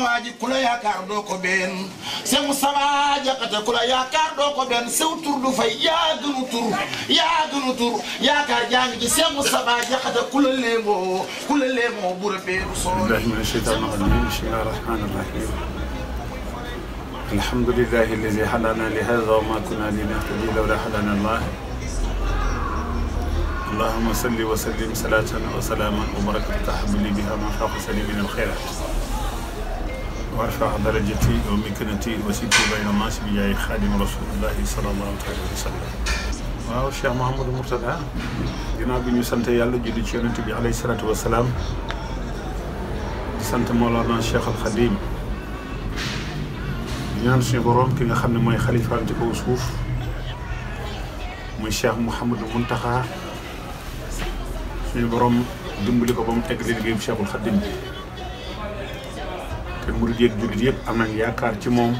sama waaji ku la yaakaar doo ko benn Seex Musaa Jaxate ku la yaakaar doo ko benn sew tur du fay yaa gënu tur yaa gënu tur yaakaar jaa ngi ci Seex Musaa Jaxate ku la léemoo ku la léemoo bu rëbbee du soo billahi mina shaytaani rajiim bismillahi rahmaani rahiim alhamdulillahi alladi hadaana li haada wa maa kunna linahtadiya lawlaa hadaana Allah allahumma salli wa sallim salaatan wa salaaman wa barakatan tahammali biha man faaqa sani min alxayraat warfa darajati wa miknati wa siti bayna naasi bi jaay xaadim rasulillahi sallallahu taala wa sallam waaw Cheikh Mouhamadou Mourtada ginnaaw bi ñu sant yàlla julli ci yonent bi alayhi salaatu wa salaam di sant Mawlana Cheikh Al Khadim di ñaan suñu borom ki nga xam ne mooy xalifaam ci kaw suuf muy Cheikh Mouhamadou Mountakha suñu borom dimbali ko ba mu teg liggéeyam Cheikhul Khadim bi te murid yeeg jullit yëpp am nañ yaakaar ci moom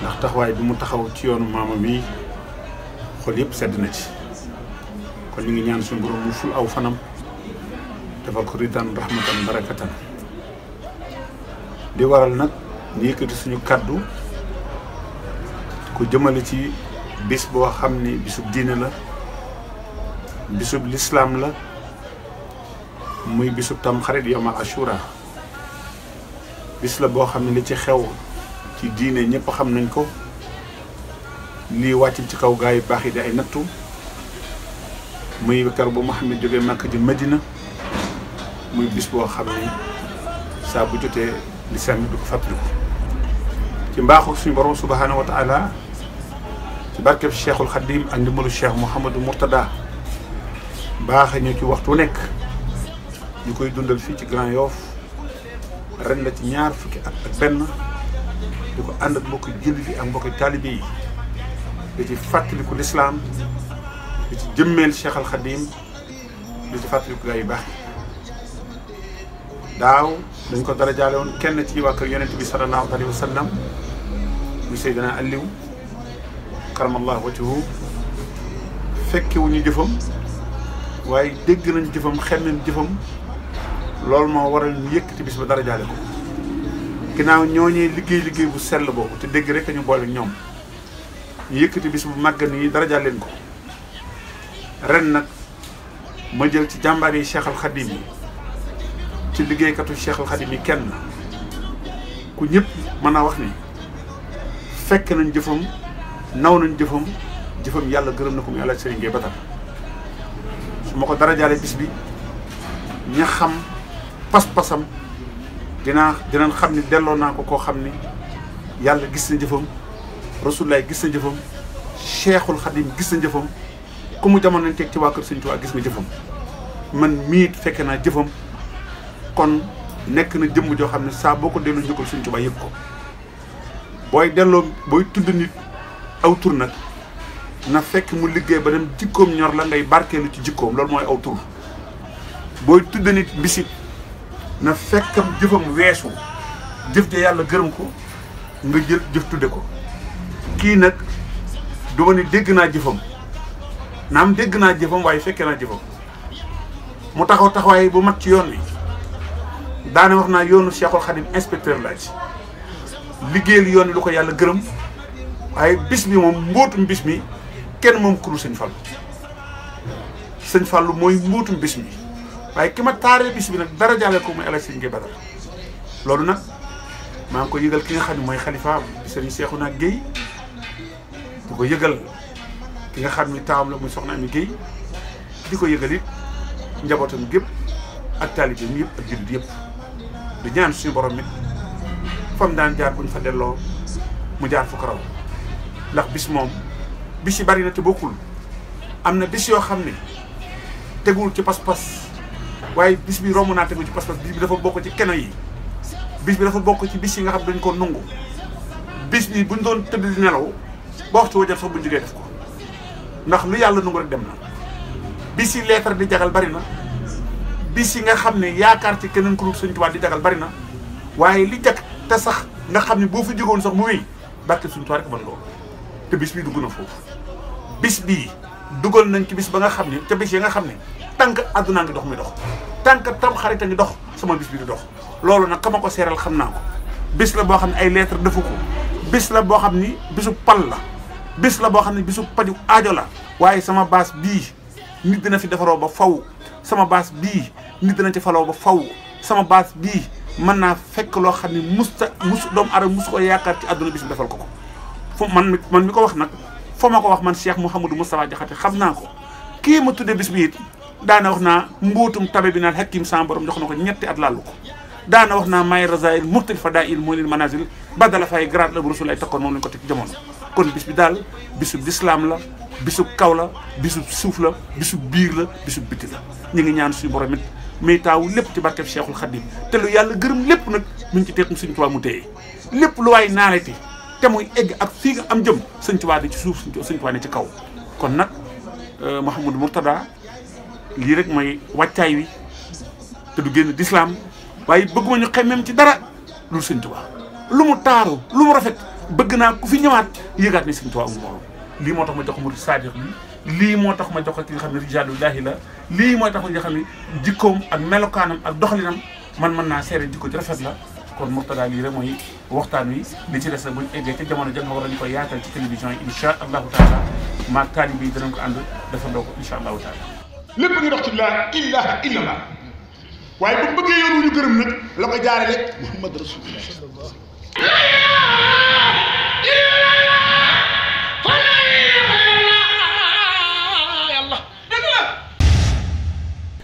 ndax taxawaay bi mu taxaw ci yoonu maamam yi xol yëpp sedd na ci kon ñu ngi ñaan suñu borom mu ful aw fanam defal ko ridan rahmatan barakatan di waral nag ñu yëkkati suñu kàddu ko jëmale ci bis boo xam ni bisub diine la bisub lislaam la muy bisub tam xarit yomal ashura bis la boo xam ne li ci xew ci diine ñëpp xam nañ ko lii wàccul ci kaw gaa yu baax yi di ay nattu muy kar bu Mouhamed jógee Màkka ji Madina muy bis boo xam ne saa bu jotee lislaam yi du ko fàttaliku ci mbaaxu suñu borom subhaanahu wa taala ci barkeb cheikhul xadim ak ndimbalu cheikh Mouhamadou Mourtada baaxe ñu ci waxtu nekk ñu koy dundal fii ci Grand Yoff ren la ci ñaar fukki at ak benn di ko ànd ak mbokki jullit yi ak mbokki taalibe ci fàttaliku lislaam di ci jëmmeel Cheikh Al Khadim di ci fàttaliku gaa yu baax daaw dañ ko darajaale woon kenn ci waa kër yonent bi sallallahu alayhi wa sallam mu Seydina Aliou karamallahu wajhahu fekke wu ñu jëfam waaye dégg nañ jëfam xem nañ jëfam loolu moo waral ñu yëkkati bis ba dara jaale ko ginnaaw ñooñee liggéey liggéey bu sell boobu te dégg rek ñu boole ñoom ñu yëkkati bis bu màgg nii darajaaleen ko ren nag ma jël ci jàmbaar yi Cheikhul Khadim yi ci liggéeykatu Cheikhul Khadim yi kenn ku ñëpp mën a wax ni fekk nañ jëfam naw nañ jëfam jëfam yàlla gërëm na ko mu yàlla Serigne Batar su ma ko dara jaale bis bi ña xam pas-pasam dinaa dinañ xam ni delloo naa ko koo xam ni yàlla gis na jëfam rasulaay gis na jëfam cheikhul xadim gis na jëfam ku mu jamono teg ci waa kër Sëñ gis nga jëfam man miit fekke naa jëfam kon nekk na jëmm joo xam ne saa boo ko delloo njukkal Sëñ Tuubaa yëpp ko booy delloo booy tudd nit aw tur nag na fekk mu liggéey ba dem jikkoom ñor la ngay barkeelu ci jikkoom loolu mooy aw tur booy tudd nit bisit na fekkam jëfam weesu jëf ja yàlla gërëm ko nga jël jëf tudde ko kii nag du ma dégg naa jëfam naam dégg naa jëfam waaye fekke naa jëfam mu taxaw taxawaay bu mat ci yoon wi daane wax naa yoonu Cheikhul Khadim inspecteur laa ci liggéeyal yoon wi lu ko yàlla gërëm waaye bis bi moom mbóotum bis mi kenn moom kuru sëñ Fallu sëñ Fallu mooy mbóotum bis mi waaye ki ma taaree bis bi nag dara jàlle ko muy El Hadj Sëñ loolu nag maa ngi ko yëgal ki nga xam ne mooy xalifaam di Sëriñ naa Gueye di ko yëgal ki nga xam ni taawam la muy soxna Ami Gueye ko yëgal njabootam gépp ak taalibe yëpp ak jullit yëpp di ñaan suñu borom mi fam daan jaar buñ fa delloo mu jaar fu ko raw ndax bis moom bis yi bari na te bokkul am na bis yoo xam ni tegul ci pas-pas waaye bis bi romb naa tegu ci pas-pas bis bi dafa bokk ci keno yi bis bi dafa bokk ci bis yi nga xam dañ ko nungu bis bi buñ doon tëdd di nelaw ba waxtu wajal sax buñ jógee def ko ndax lu yàlla nungu rek dem na bis yi leetar di jagal bari na bis yi nga xam ne yaakaar ci keneen ku dul Sëñ di jagal bari na waaye li jag te sax nga xam ne boo fi jógoon sax mu wéy barke Sëñ Tuubaa rek mën loolu te bis bii dugg na foofu bis bii dugal nañ ci bis ba nga xam ni ca yi nga xam ne tànk àdduna ngi dox mi dox tànk tam xarit a ngi dox sama bis bi di dox loolu nag ka ma ko seeral xam naa ko bis la boo xam ne ay lettre defu ko bis boo xam ni bisu pal la bis la boo xam ne bisu paju aajo la waaye sama baas bii nit dina fi defaroo ba faw sama baas bii nit dina ci faloo ba faw sama baas bii mën naa fekk loo xam ne musta mus doomu aadama mus ko yaakaar ci àdduna bis bi defal ko ko fu man mi man mi ko wax nag fa ma ko wax man Cheikh Mouhamadou Moustapha Diakhaté xam naa ko kii ma tudde bis bi daana wax naa mbootum tabe bi naan Hakim sa borom jox na ko ñetti at laalu ko daana wax naa may razail murtil fadail moo leen manazil badala fay grade la bu rasul ay takkoon moom lañ ko teg jamono kon bis bi daal bisu lislaam la bisub kaw la bisub suuf la bisub biir la bisub biti la ñu ngi ñaan suñu borom it may taaw lépp ci barkeb Cheikhul Khadim te lu yàlla gërëm lépp nag mu ngi ci teekum suñu tubaab mu téye lépp lu waay naanati te muy egg ak fii nga am jëm sëntuwaat Tuubaa ci suuf sëñ Tuubaa ne ci kaw kon nag euh, Mouhamadou Mourtada lii rek mooy wàccaay wi te du génn d'islam waaye bëgguma ñu xemmeem ci dara lu sëñ Tuubaa lu mu taaru lu mu rafet bëgg naa ku fi ñëwaat yëgaat ne sëñ Tuubaa amul lii moo tax ma jox mu saadiq bi lii moo tax ma jox ki nga xam ne rijaalullaahi la lii moo tax ma nga xam ne jikkoom ak melokaanam ak doxalinam man mën naa seere jikko ji rafet la kon Mourtada lii rek mooy waxtaan wi li ci des la bu ñu eggee ca jamono jëm nga war a ñu koy yaatal ci télévision yi incha allahu taala maa taalib yi danañ ko ànd dafa ndoo ko incha allahu taala lépp ngi dox ci laa ilaha illa allah waaye bu bëggee yoon wu ñu gërëm nag la ko jaarale Muhammad rasulullah